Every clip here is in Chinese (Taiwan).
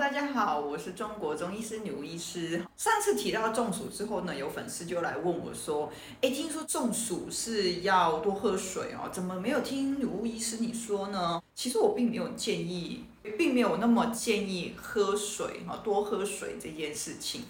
大家好，我是中國中醫師女巫醫師。上次提到中暑之後呢，有粉絲就來問我說：“誒，欸，聽說中暑是要多喝水哦，怎麼沒有聽女巫醫師你說呢？”其實我並沒有建議，並沒有那麼建議喝水，多喝水這件事情。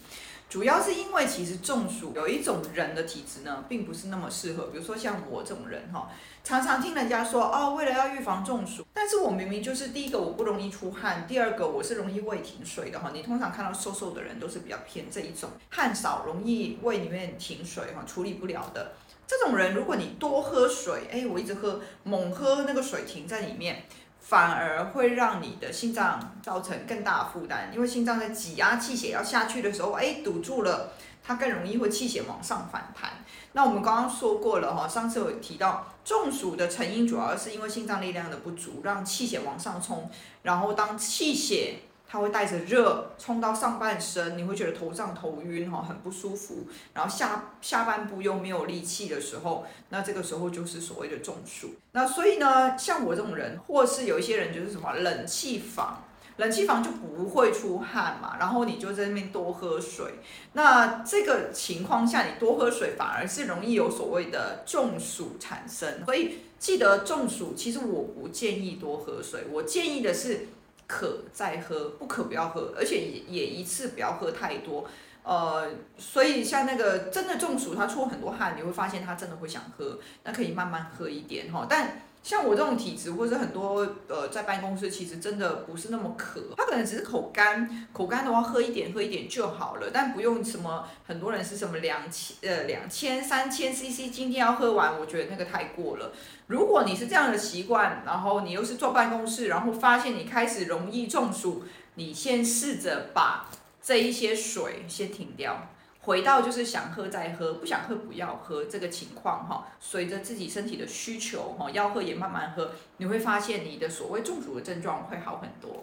主要是因為，其實中暑有一種人的體質呢，並不是那麼適合。比如說像我這種人哈，常常聽人家說哦，為了要預防中暑，但是我明明就是第一個我不容易出汗，第二個我是容易胃停水的哈。你通常看到瘦瘦的人都是比較偏這一種，汗少，容易胃裡面停水哈，處理不了的這種人，如果你多喝水，哎，我一直喝，猛喝那個水停在裡面，反而會讓你的心臟造成更大的負擔，因為心臟在擠壓、啊、氣血要下去的時候，誒，堵住了，它更容易會氣血往上反彈。那我們剛剛說過了哈，上次有提到中暑的成因，主要是因為心臟力量的不足，讓氣血往上衝，然後當氣血它會帶着熱衝到上半身，你會覺得頭脹頭暈哈，很不舒服。然後下下半部又沒有力氣的時候，那這個時候就是所謂的中暑。那所以呢，像我這種人，或是有一些人就是什麼冷氣房，冷氣房就不會出汗嘛。然後你就在那邊多喝水。那這個情況下，你多喝水反而是容易有所謂的中暑產生。所以記得中暑，其實我不建議多喝水，我建議的是。渴再喝，不渴不要喝，而且也也一次不要喝太多。呃，所以像那個真的中暑，他出很多汗，你會發現他真的會想喝，那可以慢慢喝一點齁。但像我這種體質，或者是很多呃在辦公室，其實真的不是那麼渴，他可能只是口乾，口乾的話喝一點喝一點就好了，但不用什麼，很多人是什麼兩千呃兩千三千 cc，今天要喝完，我覺得那個太過了。如果你是這樣的習慣，然後你又是坐辦公室，然後發現你開始容易中暑，你先試着把。這一些水先停掉，回到就是想喝再喝，不想喝不要喝這個情況哈，隨着自己身體的需求哈，要喝也慢慢喝，你會發現你的所謂中暑的症狀會好很多。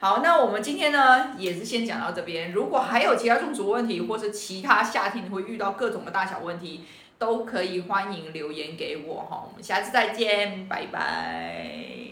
好，那我們今天呢也是先講到這邊，如果還有其他中暑問題，或者其他夏天會遇到各種的大小問題，都可以歡迎留言給我哈，我們下次再見，拜拜。